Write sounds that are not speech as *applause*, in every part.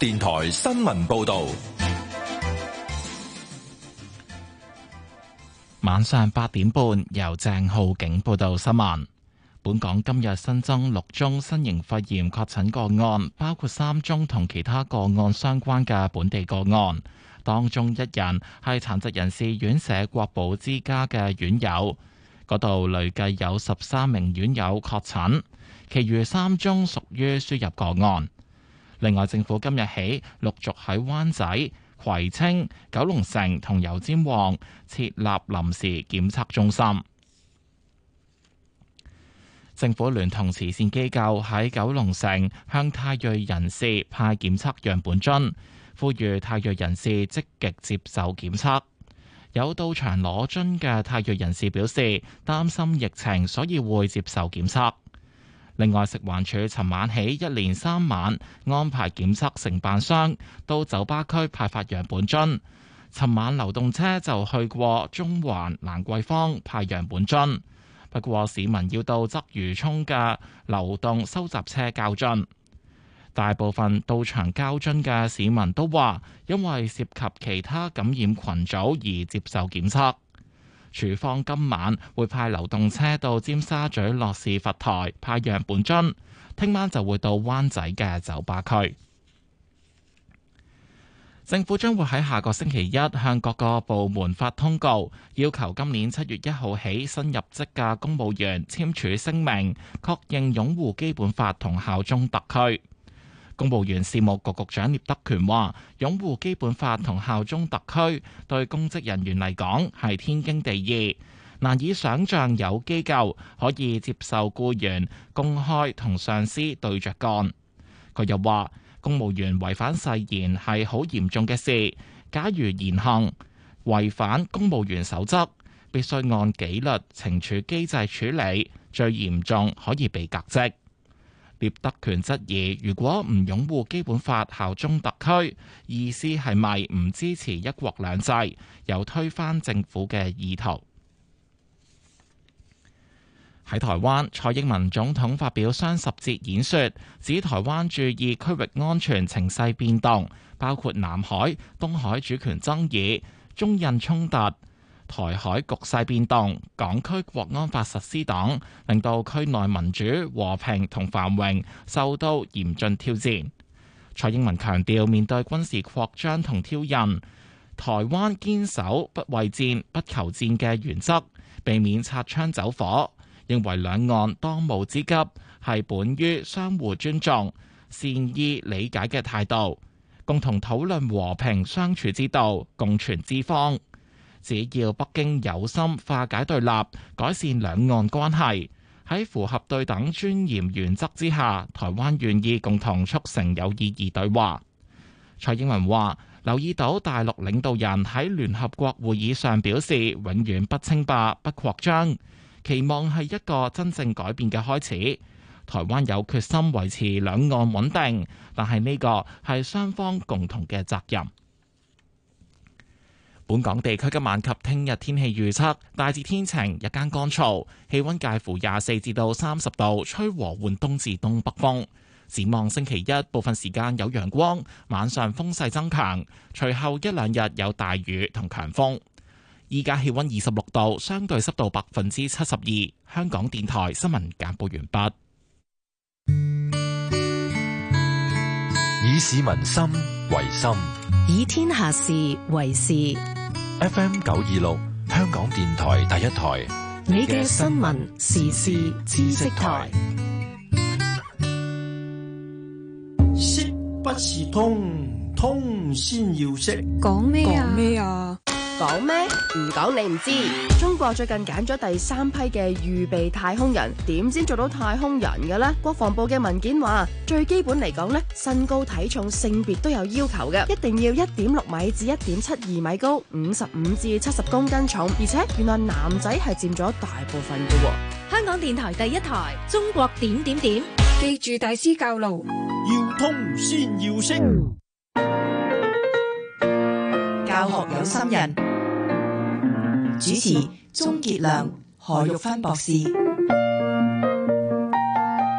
電台新聞報道，晚上八點半由鄭浩景報道新聞。本港今日新增六宗新型肺炎確診個案，包括三宗同其他個案相關嘅本地個案，當中一人係殘疾人士院舍國寶之家嘅院友，嗰度累計有十三名院友確診，其餘三宗屬於輸入個案。另外，政府今日起陸續喺灣仔、葵青、九龍城同油尖旺設立臨時檢測中心。政府聯同慈善機構喺九龍城向泰裔人士派檢測樣本樽，呼籲泰裔人士積極接受檢測。有到場攞樽嘅泰裔人士表示，擔心疫情，所以會接受檢測。另外，食環署尋晚起一連三晚安排檢測承辦商到酒吧區派發樣本樽。尋晚流動車就去過中環蘭桂坊派樣本樽，不過市民要到鰂魚涌嘅流動收集車交樽。大部分到場交樽嘅市民都話，因為涉及其他感染群組而接受檢測。廚房今晚會派流動車到尖沙咀諾士佛臺派樣本樽，聽晚就會到灣仔嘅酒吧區。政府將會喺下個星期一向各個部門發通告，要求今年七月一號起新入職嘅公務員簽署聲明，確認擁護基本法同效忠特區。公務員事務局局長聶德權話：擁護基本法同效忠特區，對公職人員嚟講係天經地義。難以想象有機構可以接受僱員公開同上司對着幹。佢又話：公務員違反誓言係好嚴重嘅事，假如言行違反公務員守則，必須按紀律懲處機制處理，最嚴重可以被革職。聶德權質疑：如果唔擁護基本法，效忠特區，意思係咪唔支持一國兩制？又推翻政府嘅意圖。喺台灣，蔡英文總統發表雙十節演說，指台灣注意區域安全情勢變動，包括南海、東海主權爭議、中印衝突。台海局勢變動，港區國安法實施黨令到區內民主、和平同繁榮受到嚴峻挑戰。蔡英文強調，面對軍事擴張同挑釁，台灣堅守不畏戰、不求戰嘅原則，避免擦槍走火。認為兩岸當務之急係本於相互尊重、善意理解嘅態度，共同討論和平相處之道，共存之方。只要北京有心化解對立、改善兩岸關係，喺符合對等尊嚴原則之下，台灣願意共同促成有意義對話。蔡英文話留意到大陸領導人喺聯合國會議上表示，永遠不稱霸、不擴張，期望係一個真正改變嘅開始。台灣有決心維持兩岸穩定，但係呢個係雙方共同嘅責任。本港地區今晚及聽日天氣預測，大致天晴，日間乾燥，氣溫介乎廿四至到三十度，吹和緩東至東北風。展望星期一，部分時間有陽光，晚上風勢增強。隨後一兩日有大雨同強風。依家氣溫二十六度，相對濕度百分之七十二。香港電台新聞簡報完畢。以市民心為心，以天下事為事。F M 九二六，26，香港電台第一台，你嘅新聞時事知識台，識不是通，通先要識，講咩，講咩啊？講咩？唔講你唔知。中國最近揀咗第三批嘅預備太空人，點先做到太空人嘅呢？國防部嘅文件話，最基本嚟講呢，身高、體重、性別都有要求嘅，一定要一點六米至一點七二米高，五十五至七十公斤重，而且原來男仔係佔咗大部分嘅。香港電台第一台，中國點點點，點，記住大師教路，要通先要識，教學有心人。主持：鍾傑良、何玉芬博士。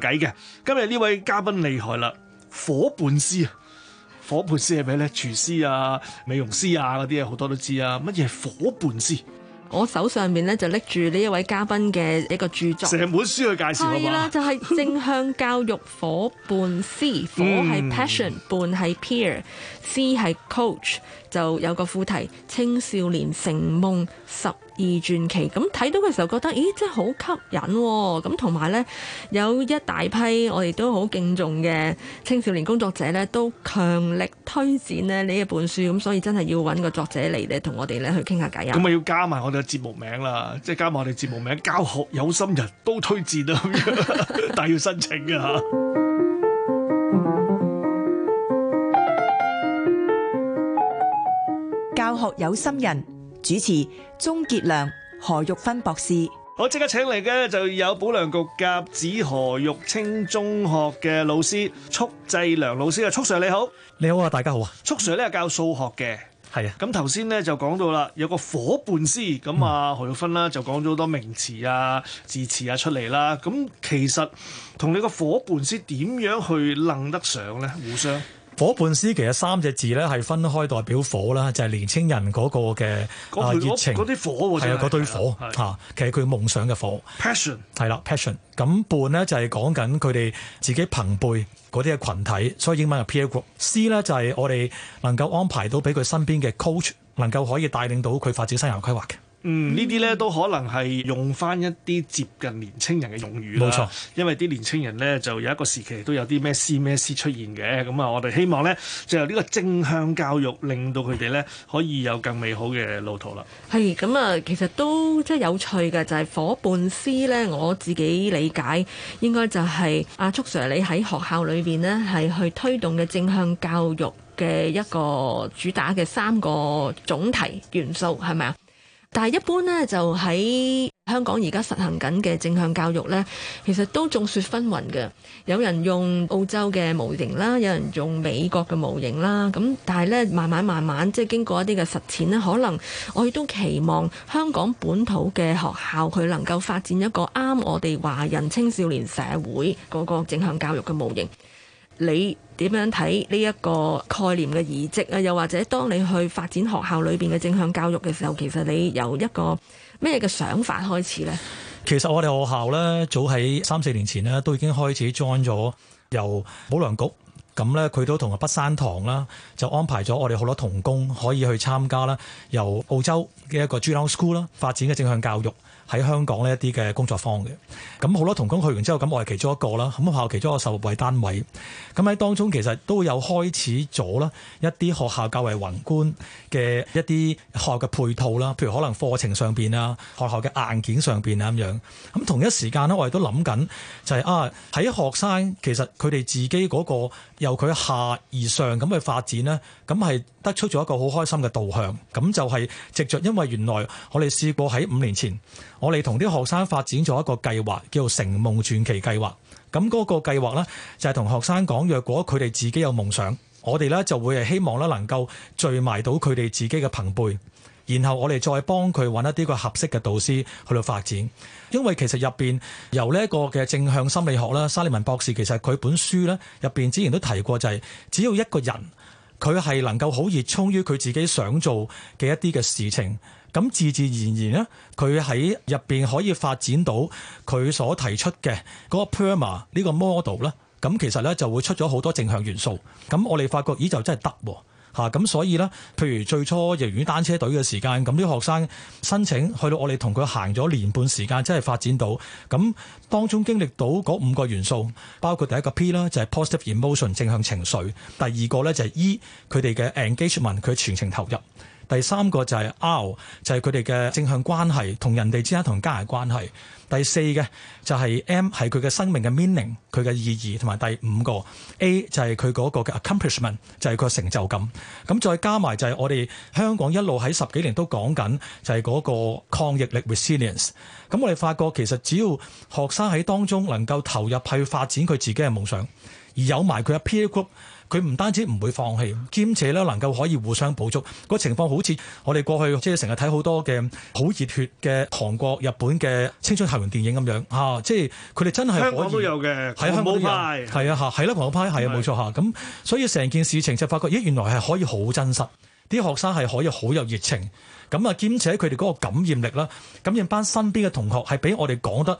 計嘅，今日呢位嘉賓厲害啦！火伴師啊，火伴師係咩咧？廚師啊、美容師啊嗰啲啊，好多都知啊。乜嘢火伴師？我手上面咧就拎住呢一位嘉賓嘅一個著作，成本書去介紹係嘛？就係、是《正向教育火伴師》，火係 passion，伴係 peer，師係 coach，就有個副題：青少年成夢十。二傳奇咁睇到嘅時候覺得，咦，真係好吸引喎，哦！咁同埋呢，有一大批我哋都好敬重嘅青少年工作者呢，都強力推薦呢，呢一本書。咁所以真係要揾個作者嚟咧，同我哋咧去傾下偈啊！咁啊，要加埋我哋嘅節目名啦，即係加埋我哋節目名《教學有心人》都推薦啊！ *laughs* 但係要申請啊，《 *laughs* 教學有心人》。主持鍾傑良、何玉芬博士，我即刻請嚟嘅就有保良局甲子何玉清中學嘅老師，束濟良老師啊，束 Sir 你好，你好啊，大家好呢啊。束 Sir 咧教數學嘅，係啊，咁頭先咧就講到啦，有個伙伴師，咁啊何玉芬啦就講咗好多名詞啊、字詞啊出嚟啦，咁其實同你個伙伴師點樣去楞得上咧？互相。火伴師其實三隻字咧，係分開代表，火啦，就係年青人嗰個嘅啊熱情，係啊，嗰堆火嚇，其實佢夢想嘅火。Passion 係啦，Passion，咁伴咧就係講緊佢哋自己朋輩嗰啲嘅群體，所以英文係 peer。師咧就係我哋能夠安排到俾佢身邊嘅 coach，能夠可以帶領到佢發展生涯規劃嘅。嗯，呢啲咧都可能係用翻一啲接近年青人嘅用語啦。冇錯，因為啲年青人呢，就有一個時期都有啲咩師咩師出現嘅。咁啊，我哋希望呢，就由呢個正向教育，令到佢哋呢，可以有更美好嘅路途啦。係咁啊，其實都即係有趣嘅，就係、是、伙伴師呢。我自己理解應該就係阿束 Sir，你喺學校裏邊呢，係去推動嘅正向教育嘅一個主打嘅三個總題元素係咪啊？但係一般咧，就喺香港而家實行緊嘅正向教育咧，其實都眾說紛紜嘅。有人用澳洲嘅模型啦，有人用美國嘅模型啦。咁但係咧，慢慢慢慢即係經過一啲嘅實踐咧，可能我亦都期望香港本土嘅學校佢能夠發展一個啱我哋華人青少年社會嗰個正向教育嘅模型。你點樣睇呢一個概念嘅移植啊？又或者當你去發展學校裏邊嘅正向教育嘅時候，其實你由一個咩嘅想法開始呢？其實我哋學校呢，早喺三四年前呢，都已經開始 join 咗由保良局咁呢，佢都同阿北山堂啦，就安排咗我哋好多同工可以去參加啦，由澳洲嘅一個 Geelong School 啦，發展嘅正向教育。喺香港呢一啲嘅工作坊嘅，咁好多同工去完之後，咁我係其中一個啦，咁學校其中一個受惠單位，咁喺當中其實都有開始咗啦一啲學校較為宏觀嘅一啲學校嘅配套啦，譬如可能課程上邊啊，學校嘅硬件上邊啊咁樣，咁同一時間咧，我哋都諗緊、就是，就係啊，喺學生其實佢哋自己嗰、那個由佢下而上咁去發展咧，咁係。得出咗一個好開心嘅導向，咁就係直着。因為原來我哋試過喺五年前，我哋同啲學生發展咗一個計劃，叫做《成夢傳奇》計劃。咁嗰個計劃呢，就係同學生講，若果佢哋自己有夢想，我哋呢就會係希望呢能夠聚埋到佢哋自己嘅朋輩，然後我哋再幫佢揾一啲個合適嘅導師去到發展。因為其實入邊由呢一個嘅正向心理學啦，沙利文博士其實佢本書呢，入邊之前都提過，就係只要一個人。佢係能夠好熱衷於佢自己想做嘅一啲嘅事情，咁自自然然咧，佢喺入邊可以發展到佢所提出嘅嗰個 PERMA 呢個 model 咧，咁其實咧就會出咗好多正向元素，咁我哋發覺咦就真係得喎。嚇咁，啊、所以呢，譬如最初由於單車隊嘅時間，咁啲學生申請去到我哋同佢行咗年半時間，真係發展到咁當中經歷到嗰五個元素，包括第一個 P 啦，就係 positive emotion 正向情緒；第二個呢，就係、是、E，佢哋嘅 engagement 佢全程投入；第三個就係 R，就係佢哋嘅正向關係同人哋之間同家人關係。第四嘅就係 M 係佢嘅生命嘅 meaning，佢嘅意義同埋第五個 A 就係佢嗰個嘅 accomplishment，就係佢個成就感。咁再加埋就係我哋香港一路喺十幾年都講緊就係嗰個抗逆力 resilience。咁我哋發覺其實只要學生喺當中能夠投入去發展佢自己嘅夢想，而有埋佢嘅 peer group。佢唔單止唔會放棄，兼且咧能夠可以互相補足，個情況，好似我哋過去即係成日睇好多嘅好熱血嘅韓國、日本嘅青春校園電影咁樣嚇、啊，即係佢哋真係香港都有嘅，喺的香港都有，係啊嚇，係啦，韓國派係啊，冇的錯嚇，咁所以成件事情就發覺，咦、哎、原來係可以好真實，啲學生係可以好有熱情。咁啊，兼、嗯、且佢哋個感染力啦，感染班身邊嘅同學係畀我哋講得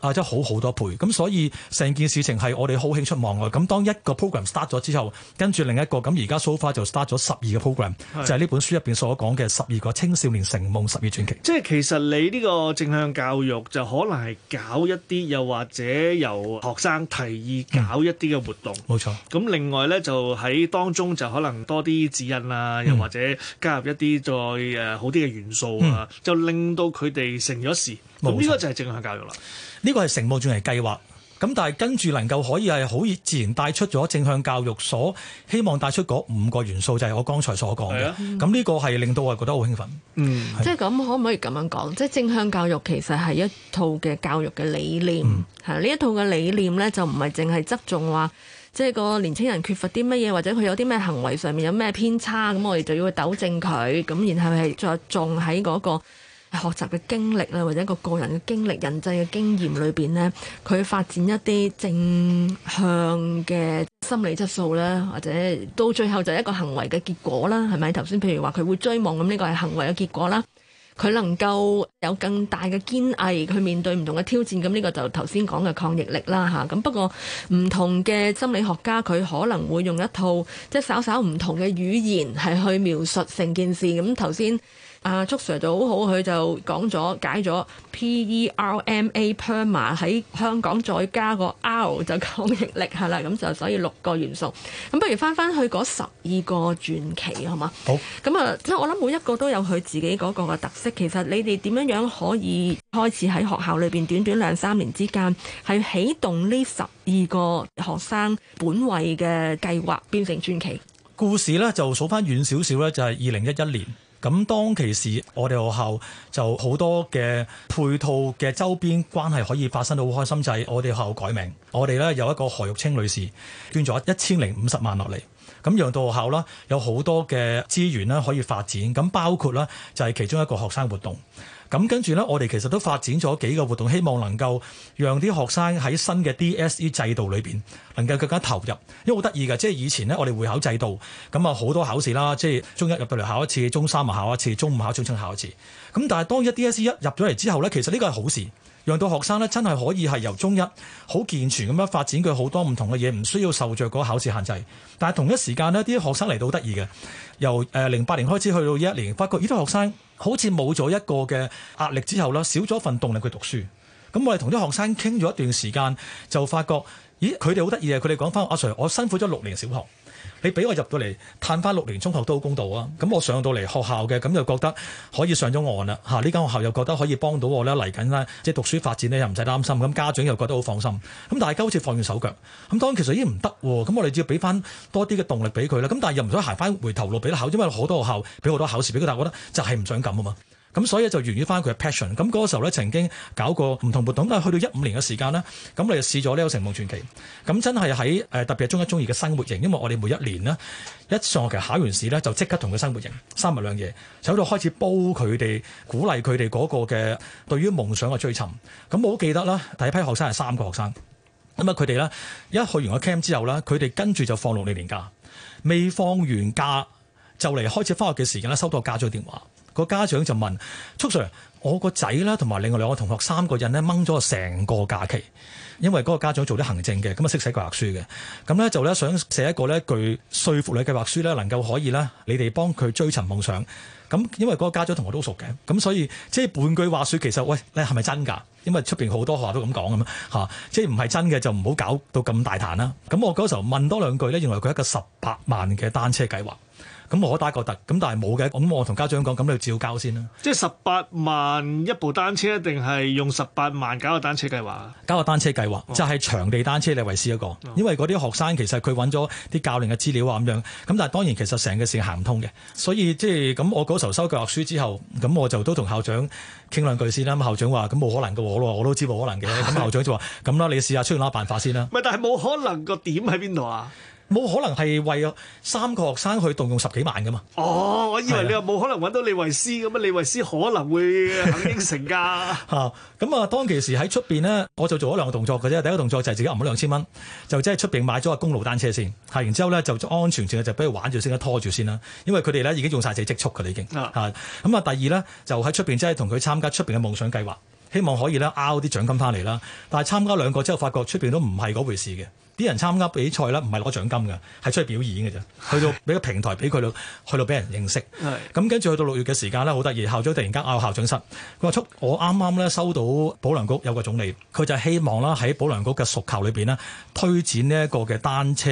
啊，真係好好多倍。咁所以成件事情係我哋好興出望外。咁當一個 program start 咗之後，跟住另一個，咁而家 so far 就 start 咗十二個 program，是就係呢本書入邊所講嘅十二個青少年成夢十二傳奇。即係其實你呢個正向教育就可能係搞一啲，又或者由學生提議搞一啲嘅活動冇錯，咁另外咧，就喺當中就可能多啲指引啦，又或者加入一啲再誒好啲。嘅元素啊，嗯、就令到佢哋成咗事，呢個錯就係正向教育啦。呢個係成望住嚟計劃，咁但係跟住能夠可以係好自然帶出咗正向教育所希望帶出嗰五個元素，就係、是、我剛才所講嘅。咁呢的、嗯、個係令到我係覺得好興奮。嗯，是即係咁可唔可以咁樣講？即係正向教育其實係一套嘅教育嘅理念，吓呢、嗯、一套嘅理念咧就唔係淨係側重話。即係個年輕人缺乏啲乜嘢，或者佢有啲咩行為上面有咩偏差，咁我哋就要去糾正佢。咁然後係着重喺嗰個學習嘅經歷啦，或者一個個人嘅經歷、人際嘅經驗裏邊呢，佢發展一啲正向嘅心理質素啦，或者到最後就一個行為嘅結果啦，係咪？頭先譬如話佢會追夢，咁呢個係行為嘅結果啦。佢能夠有更大嘅堅毅去面對唔同嘅挑戰，咁呢個就頭先講嘅抗逆力啦嚇。咁、啊、不過唔同嘅心理學家，佢可能會用一套即係、就是、稍稍唔同嘅語言係去描述成件事。咁頭先。啊束 Sir 就好好，佢就講咗解咗 PERMA perma 喺香港再加個 R 就抗逆力係啦，咁就所以六個元素。咁不如翻翻去嗰十二個傳奇，好嘛？好。咁啊，即、呃、係我諗每一個都有佢自己嗰個嘅特色。其實你哋點樣樣可以開始喺學校裏邊短短兩三年之間，係啟動呢十二個學生本位嘅計劃變成傳奇故事呢就數翻遠少少咧，就係二零一一年。咁當其時，我哋學校就好多嘅配套嘅周邊關係可以發生到好開心。就係我哋學校改名，我哋咧有一個何玉清女士捐咗一千零五十萬落嚟，咁讓到學校啦有好多嘅資源咧可以發展。咁包括啦，就係其中一個學生活動。咁跟住呢，我哋其實都發展咗幾個活動，希望能夠讓啲學生喺新嘅 DSE 制度裏邊能夠更加投入。因為好得意嘅，即係以前呢，我哋會考制度咁啊，好多考試啦，即係中一入到嚟考一次，中三啊考一次，中五考、中七考一次。咁但係當一 DSE 一入咗嚟之後呢，其實呢個係好事。讓到學生咧真係可以係由中一好健全咁樣發展佢好多唔同嘅嘢，唔需要受着嗰考試限制。但係同一時間呢啲學生嚟到好得意嘅，由誒零八年開始去到一一年，發覺呢啲學生好似冇咗一個嘅壓力之後咧，少咗份動力去讀書。咁我哋同啲學生傾咗一段時間，就發覺咦佢哋好得意嘅，佢哋講翻阿 Sir，我辛苦咗六年小學。你俾我入到嚟，嘆翻六年中學都好公道啊！咁我上到嚟學校嘅，咁就覺得可以上咗岸啦嚇！呢間學校又覺得可以幫到我咧，嚟緊呢，即係讀書發展呢，又唔使擔心，咁家長又覺得好放心。咁大家好似放軟手腳，咁當然其實已經唔得喎。咁我哋只要俾翻多啲嘅動力俾佢啦。咁但係又唔想行翻回頭路俾得考，因為好多學校俾好多考試俾佢，但係我覺得就係唔想咁啊嘛。咁所以就源於翻佢嘅 passion。咁嗰個時候咧，曾經搞過唔同活動。但係去到一五年嘅時間咧，咁你就試咗呢個《乘夢傳奇》。咁真係喺誒特別係中一中二嘅生活營。因為我哋每一年呢，一上學期考完試咧，就即刻同佢生活營，三日兩夜，就喺度開始煲佢哋，鼓勵佢哋嗰個嘅對於夢想嘅追尋。咁我好記得啦，第一批學生係三個學生。咁啊，佢哋咧一去完個 camp 之後咧，佢哋跟住就放六年年假，未放完假就嚟開始翻學嘅時間咧，收到家長電話。個家長就問：束 Sir，我個仔咧，同埋另外兩個同學三個人咧，掹咗個成個假期，因為嗰個家長做啲行政嘅，咁啊識寫計劃書嘅，咁咧就咧想寫一個咧句說服你計劃書咧，能夠可以咧，你哋幫佢追尋夢想。咁因為嗰個家長同我都熟嘅，咁所以即係、就是、半句話説，其實喂，你係咪真㗎？因為出邊好多學校都咁講咁啊，嚇，即係唔係真嘅就唔好搞到咁大壇啦、啊。咁我嗰時候問多兩句咧，原來佢一個十八萬嘅單車計劃。咁我打個突，咁但係冇嘅，咁我同家長講，咁你照交先啦。即係十八萬一部單車，定係用十八萬搞個單車計劃？搞個單車計劃、哦、就係場地單車你維斯一個，哦、因為嗰啲學生其實佢揾咗啲教練嘅資料啊咁樣，咁但係當然其實成個事行唔通嘅，所以即係咁，咁我嗰時候收教學書之後，咁我就都同校長傾兩句先啦。校長話：咁冇可能嘅，我話我都知冇可能嘅。咁的校長就話：咁啦，你試下出去諗下辦法先啦。唔係，但係冇可能個點喺邊度啊？冇可能係為三個學生去動用十幾萬噶嘛？哦，我以為你話冇可能揾到李維斯咁啊！的李維斯可能會肯應承㗎。嚇咁啊！當其時喺出邊呢，我就做咗兩個動作嘅啫。第一個動作就係自己揞咗兩千蚊，就即係出邊買咗個公路單車先。係然之後呢，就安全上就俾佢玩住先，拖住先啦。因為佢哋呢已經用晒自己積蓄嘅啦，已經嚇。咁啊、嗯嗯，第二呢，就喺出邊即係同佢參加出邊嘅夢想計劃，希望可以呢 o 啲獎金翻嚟啦。但係參加兩個之後，發覺出邊都唔係嗰回事嘅。啲人參加比賽咧，唔係攞獎金嘅，係出去表演嘅啫。去到俾個平台俾佢哋，去到俾人認識。咁跟住去到六月嘅時間咧，好得意，校長突然間嗌校長室，話出我啱啱咧收到保良局有個總理，佢就希望啦喺保良局嘅屬校裏邊呢，推展呢一個嘅單車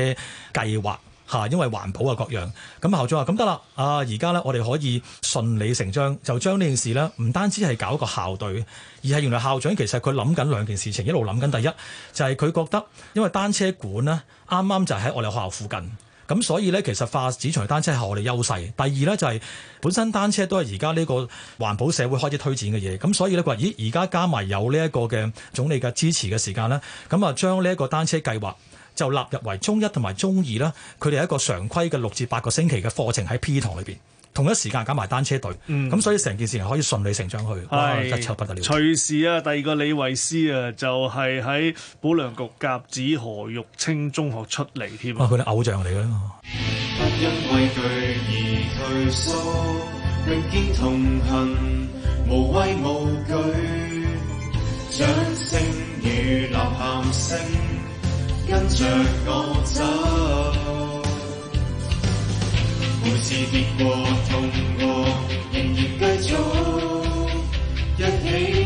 計劃。嚇！因為環保啊，各樣咁校長話：咁得啦，啊而家呢，我哋可以順理成章就將呢件事呢，唔單止係搞一個校隊，而係原來校長其實佢諗緊兩件事情，一路諗緊。第一就係、是、佢覺得，因為單車館呢啱啱就喺我哋學校附近，咁所以呢，其實發展長途單車係我哋優勢。第二呢，就係、是、本身單車都係而家呢個環保社會開始推展嘅嘢，咁所以呢，佢話，咦，而家加埋有呢一個嘅總理嘅支持嘅時間呢咁啊，就將呢一個單車計劃。就納入為中一同埋中二啦，佢哋係一個常規嘅六至八個星期嘅課程喺 P 堂裏邊，同一時間搞埋單車隊，咁、嗯、所以成件事情可以順理成章去，一籌不得了。隨時啊，第二個李慧詩啊，就係喺保良局甲子何玉清中學出嚟添。哇、啊，佢哋偶像嚟㗎。不因畏懼而退縮，並肩同行，無畏無懼，掌聲與吶喊聲。跟着我走，每次跌過痛過，仍然繼續一起。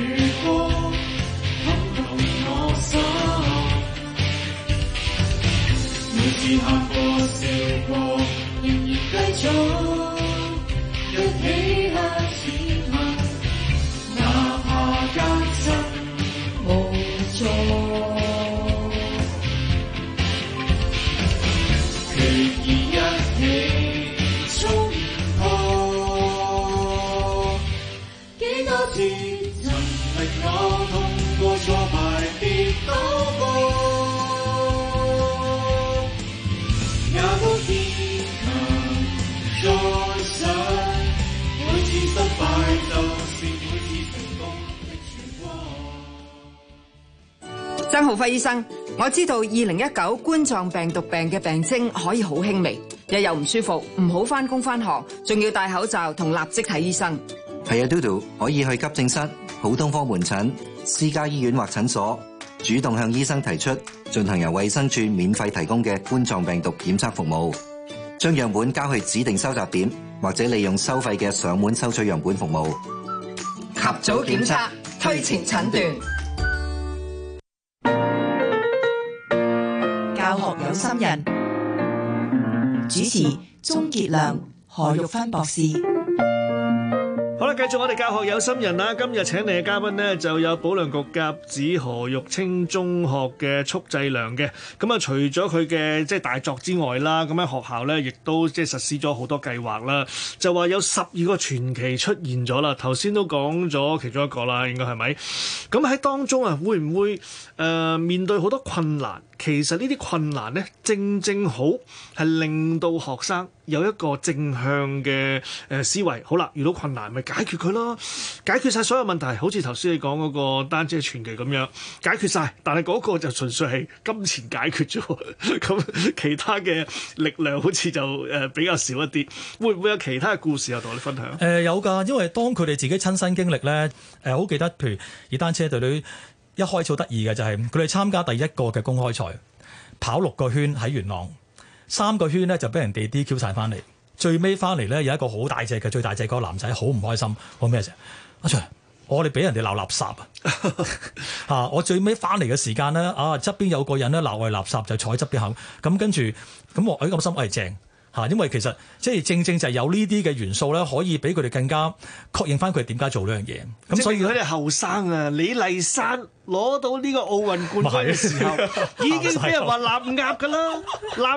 曾浩輝醫生，我知道二零一九冠狀病毒病嘅病徵可以好輕微，日又唔舒服，唔好翻工翻學，仲要戴口罩同立即睇醫生。係啊，Dodo 可以去急症室、普通科門診、私家醫院或診所，主動向醫生提出進行由衛生署免費提供嘅冠狀病毒檢測服務，將樣本交去指定收集點或者利用收費嘅上門收取樣本服務，及早檢測，推前診斷。有心人主持鍾傑良、何玉芬博士，好啦，繼續我哋教學有心人啦。今日請嚟嘅嘉賓呢，就有保良局甲子何玉清中學嘅束濟良嘅。咁啊，除咗佢嘅即係大作之外啦，咁喺學校呢，亦都即係實施咗好多計劃啦。就話有十二個傳奇出現咗啦。頭先都講咗其中一個啦，應該係咪？咁喺當中啊，會唔會誒、呃、面對好多困難？其實呢啲困難咧，正正好係令到學生有一個正向嘅誒思維。好啦，遇到困難咪解決佢咯，解決晒所有問題。好似頭先你講嗰個單車傳奇咁樣解決晒。但係嗰個就純粹係金錢解決咗，咁 *laughs* 其他嘅力量好似就誒比較少一啲。會唔會有其他嘅故事呀同我哋分享？誒、呃、有㗎，因為當佢哋自己親身經歷呢，誒、呃、好記得，譬如以單車對你。一開始好得意嘅就係佢哋參加第一個嘅公開賽，跑六個圈喺元朗，三個圈咧就俾人哋 DQ 晒翻嚟。最尾翻嚟咧有一個好大隻嘅最大隻個男仔好唔開心，講咩啫？阿 Sir，我哋俾人哋鬧垃圾 *laughs* 啊！嚇，我最尾翻嚟嘅時間咧啊側邊有個人咧鬧我哋垃圾就坐喺側邊行，咁、啊、跟住咁我喺咁心，我、啊、係、哎啊、正。嚇，因為其實即係正正就係有呢啲嘅元素咧，可以俾佢哋更加確認翻佢點解做呢樣嘢。咁所以佢哋後生啊，李麗珊攞到呢個奧運冠軍嘅、啊、時候，已經俾人話立鴨噶啦，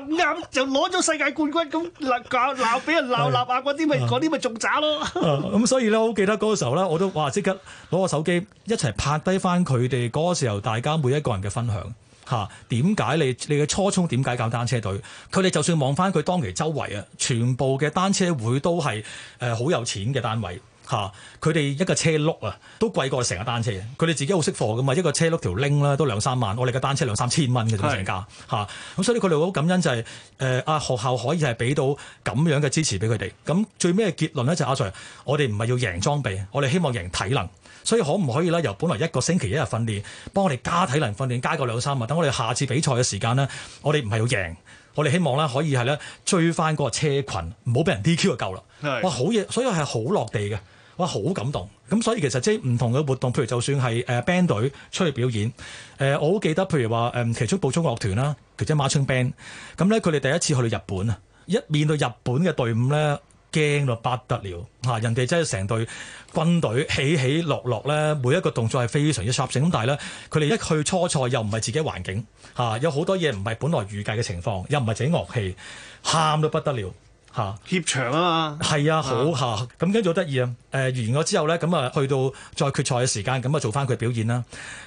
立 *laughs* 鴨就攞咗世界冠軍咁鬧鬧，俾 *laughs* 人鬧立鴨嗰啲咪嗰啲咪仲渣咯。咁所以咧，好記得嗰個時候咧，我都話即刻攞個手機一齊拍低翻佢哋嗰個時候，大家每一個人嘅分享。嚇點解你你嘅初衷點解搞單車隊？佢哋就算望翻佢當期周圍啊，全部嘅單車會都係誒好有錢嘅單位嚇。佢、啊、哋一個車轆啊都貴過成架單車，佢哋自己好識貨噶嘛。一個車轆條拎啦、啊、都兩三萬，我哋嘅單車兩三千蚊嘅總成價嚇。咁是、啊、所以佢哋好感恩就係誒啊學校可以係俾到咁樣嘅支持俾佢哋。咁、啊、最尾嘅結論咧就係阿、是啊、Sir，我哋唔係要贏裝備，我哋希望贏體能。所以可唔可以咧？由本來一個星期一日訓練，幫我哋加體能訓練，加個兩三日，等我哋下次比賽嘅時間咧，我哋唔係要贏，我哋希望咧可以係咧，追翻個車群，唔好俾人 DQ 就夠啦。係是哇，好嘢，所以係好落地嘅，哇，好感動。咁所以其實即係唔同嘅活動，譬如就算係誒 band 隊出嚟表演，誒、呃、我好記得，譬如話誒其中步操樂團啦，或者 marching band，咁咧佢哋第一次去到日本啊，一面對日本嘅隊伍咧。驚到不得了嚇！人哋真係成隊軍隊，起起落落咧，每一個動作係非常之煞性咁。但係咧，佢哋一去初賽又唔係自己環境嚇、啊，有好多嘢唔係本來預計嘅情況，又唔係自己樂器，喊到不得了嚇！啊、怯場啊嘛，係啊，好嚇！咁跟住好得意啊，誒、呃、完咗之後咧，咁啊去到再決賽嘅時間，咁啊做翻佢表演啦。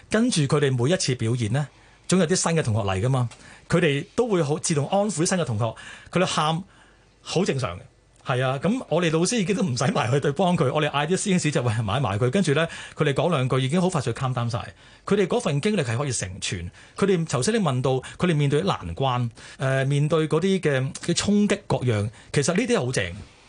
跟住佢哋每一次表演呢，總有啲新嘅同學嚟噶嘛，佢哋都會好自動安撫啲新嘅同學，佢哋喊好正常嘅。係啊，咁我哋老師已經都唔使埋去對幫佢，我哋嗌啲師兄師就喂買埋佢，跟住咧，佢哋講兩句已經好快就 c o m m 佢哋嗰份經歷係可以成全。佢哋頭先啲問到佢哋面對啲難關，誒、呃、面對嗰啲嘅嘅衝擊各樣，其實呢啲係好正。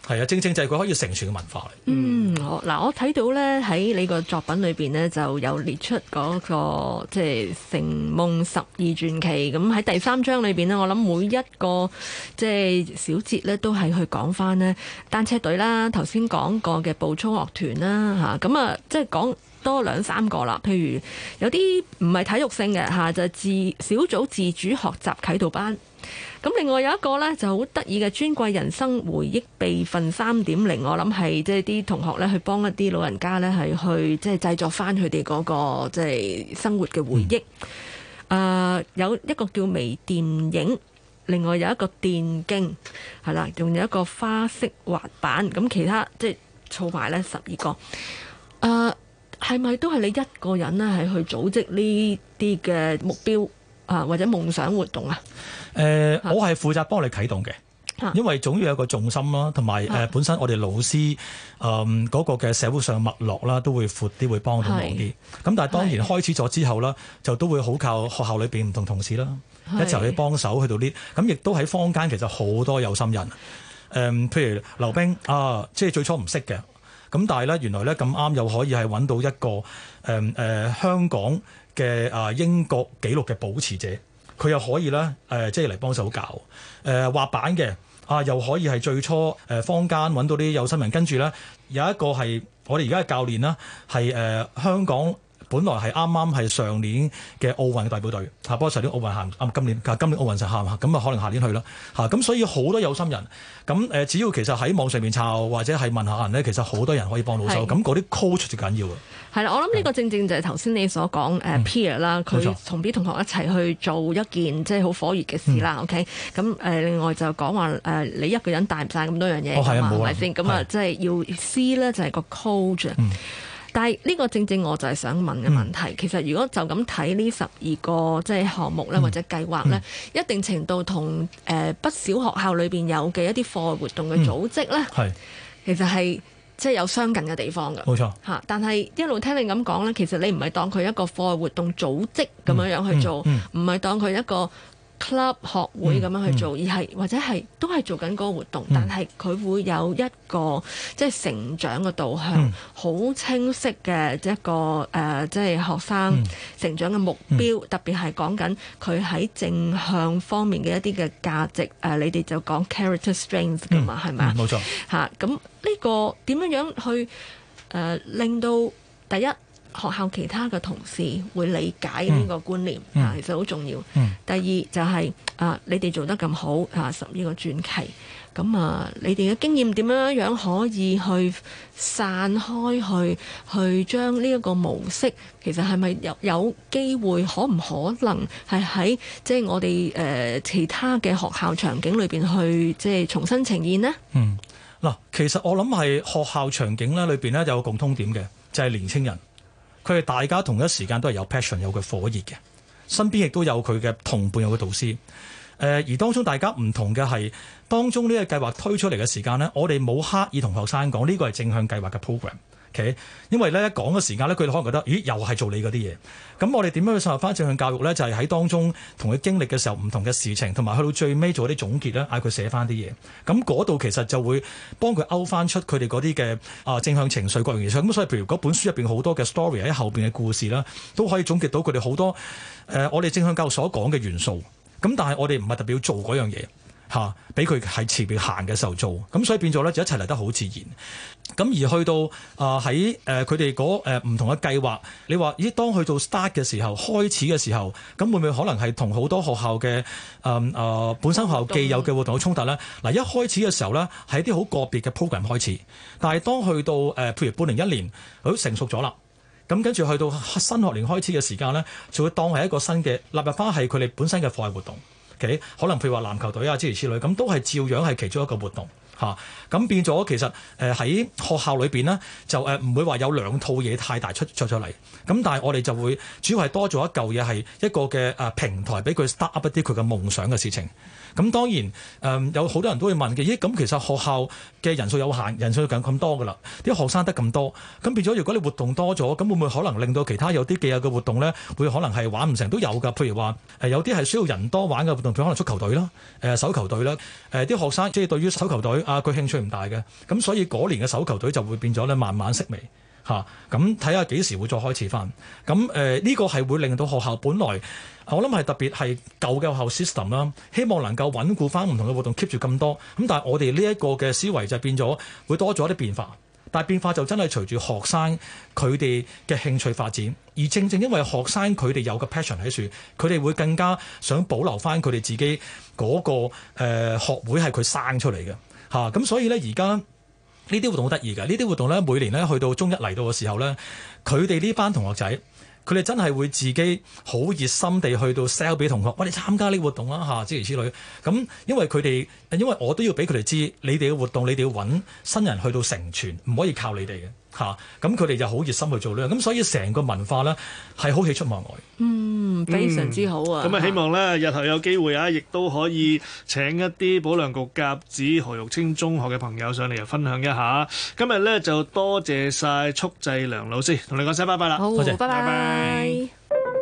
係啊，正正就係佢可以成全嘅文化，嗯，好嗱，我睇到咧喺你個作品裏邊呢，就有列出嗰、那個即係《成夢十二傳奇》，咁喺第三章裏邊呢，我諗每一個即係小節咧都係去講返呢單車隊啦，頭先講過嘅步操樂團啦，吓，咁啊，嗯、即係講多兩三個啦，譬如有啲唔係體育性嘅吓、啊，就自、是、小組自主學習啟導班。咁另外有一個呢，就好得意嘅，尊貴人生回憶備份三點零，我諗係即係啲同學呢去幫一啲老人家呢，係去即係製作翻佢哋嗰個即係生活嘅回憶。誒、嗯呃，有一個叫微電影，另外有一個電競係啦，仲有一個花式滑板，咁其他即係湊埋呢十二個。誒、呃，係咪都係你一個人呢？係去組織呢啲嘅目標？啊，或者夢想活動、呃、啊、誒，我係負責幫你啟動嘅，因為總要有一個重心啦，同埋誒本身我哋老師誒嗰、呃那個嘅社會上脈絡啦，都會闊啲，會幫到好啲。咁是但係當然開始咗之後啦，就都會好靠學校裏邊唔同同事啦，一齊去幫手去到啲。咁、呃、亦都喺坊間其實好多有心人，誒、呃、譬如溜冰啊，即係最初唔識嘅，咁但係咧原來咧咁啱又可以係揾到一個誒誒、呃呃、香港。嘅啊英國紀錄嘅保持者，佢又可以咧誒、呃，即係嚟幫手教誒滑板嘅啊，又可以係最初誒、呃、坊間揾到啲有心人跟住咧，有一個係我哋而家嘅教練啦，係誒、呃、香港本來係啱啱係上年嘅奧運嘅代表隊，嚇、啊、不過上年奧運行，啊今年啊，今年奧運實行，咁啊可能下年去啦嚇，咁、啊、所以好多有心人，咁、啊、誒只要其實喺網上面摷或者係問下人咧，其實好多人可以幫到手，咁嗰啲 coach 最緊要嘅！係啦，我諗呢個正正就係頭先你所講誒 peer 啦，佢同啲同學一齊去做一件即係好火熱嘅事啦。OK，咁誒另外就講話誒你一個人帶唔晒咁多樣嘢㗎係咪先？咁啊即係要 C 咧就係個 c o a c 但係呢個正正我就係想問嘅問題，其實如果就咁睇呢十二個即係項目咧或者計劃咧，一定程度同誒不少學校裏邊有嘅一啲課活動嘅組織咧，其實係。即係有相近嘅地方嘅，冇錯吓。但係一路聽你咁講咧，其實你唔係當佢一個課外活動組織咁樣樣去做，唔係、嗯嗯嗯、當佢一個。club 學會咁樣去做，而係或者係都係做緊嗰個活動，嗯、但係佢會有一個即係、就是、成長嘅導向，好、嗯、清晰嘅、就是、一個誒，即、呃、係、就是、學生成長嘅目標，嗯、特別係講緊佢喺正向方面嘅一啲嘅價值。誒、呃，你哋就講 character strengths 㗎嘛，係咪、嗯？冇吧、嗯、錯，嚇咁呢個點樣樣去誒、呃、令到第一？學校其他嘅同事會理解呢個觀念，嗯、啊，其實好重要。嗯、第二就係、是、啊，你哋做得咁好啊，十二個傳奇，咁啊，你哋嘅經驗點樣樣可以去散開去，去將呢一個模式，其實係咪有有機會，可唔可能係喺即係我哋誒、呃、其他嘅學校場景裏邊去，即、就、係、是、重新呈現呢？嗯，嗱，其實我諗係學校場景咧，裏邊咧有共通點嘅，就係、是、年青人。佢哋大家同一時間都係有 passion，有佢火熱嘅，身邊亦都有佢嘅同伴，有個導師。誒、呃，而當中大家唔同嘅係當中呢個計劃推出嚟嘅時間呢，我哋冇刻意同學生講，呢個係正向計劃嘅 program。因為咧一講嘅時間咧，佢哋可能覺得咦又係做你嗰啲嘢，咁我哋點樣去滲入翻正向教育咧？就係、是、喺當中同佢經歷嘅時候唔同嘅事情，同埋去到最尾做啲總結咧，嗌佢寫翻啲嘢。咁嗰度其實就會幫佢勾翻出佢哋嗰啲嘅啊正向情緒各樣嘢。咁所以譬如嗰本書入邊好多嘅 story 喺後邊嘅故事啦，都可以總結到佢哋好多誒、呃、我哋正向教育所講嘅元素。咁但係我哋唔係特別要做嗰樣嘢。嚇，俾佢喺前面行嘅時候做，咁所以變咗咧就一齊嚟得好自然。咁而去到啊喺誒佢哋嗰唔同嘅計劃，你話咦？當去到 start 嘅時候，開始嘅時候，咁會唔會可能係同好多學校嘅誒誒本身學校既有嘅活動有衝突咧？嗱、嗯啊，一開始嘅時候咧，係啲好個別嘅 program 開始，但係當去到誒、呃、譬如半年一年佢都成熟咗啦，咁跟住去到新學年開始嘅時間咧，就會當係一個新嘅納入翻係佢哋本身嘅課外活動。可能譬如話籃球隊啊之類之類，咁都係照樣係其中一個活動嚇。啊。咁變咗其實誒喺學校裏邊咧，就誒唔會話有兩套嘢太大出出出嚟。咁但係我哋就會主要係多做一舊嘢，係一個嘅誒平台，俾佢 start up 一啲佢嘅夢想嘅事情。咁當然誒、嗯、有好多人都會問嘅，咦、哎？咁其實學校嘅人數有限，人數咁咁多㗎啦，啲學生得咁多，咁變咗如果你活動多咗，咁會唔會可能令到其他有啲嘅有嘅活動咧，會可能係玩唔成都有噶，譬如話誒有啲係需要人多玩嘅活動，譬如可能足球隊啦、誒、呃、手球隊啦、誒、呃、啲學生即係、就是、對於手球隊啊佢興趣。唔大嘅，咁所以嗰年嘅手球隊就會變咗咧，慢慢式微吓。咁睇下幾時會再開始翻。咁、啊、誒、呢、這個係會令到學校本來我諗係特別係舊嘅學校 system 啦，希望能夠穩固翻唔同嘅活動，keep 住咁多。咁、啊、但係我哋呢一個嘅思維就變咗，會多咗一啲變化。但係變化就真係隨住學生佢哋嘅興趣發展，而正正因為學生佢哋有個 passion 喺處，佢哋會更加想保留翻佢哋自己嗰、那個誒、呃、學會係佢生出嚟嘅。嚇！咁、啊、所以咧，而家呢啲活動好得意嘅。呢啲活動咧，每年咧去到中一嚟到嘅時候咧，佢哋呢班同學仔，佢哋真係會自己好熱心地去到 sell 俾同學，我哋參加呢活動啦、啊，嚇、啊，諸如此類。咁、啊、因為佢哋，因為我都要俾佢哋知，你哋嘅活動，你哋要揾新人去到成全，唔可以靠你哋嘅。嚇！咁佢哋就好熱心去做呢樣，咁所以成個文化呢係好喜出望外。嗯，非常之好啊！咁啊、嗯，希望呢，日後有機會啊，亦都可以請一啲保良局甲子何玉清中學嘅朋友上嚟分享一下。今日呢，就多謝晒束濟良老師，同你講聲拜拜啦，好謝，謝，拜拜 bye。Bye bye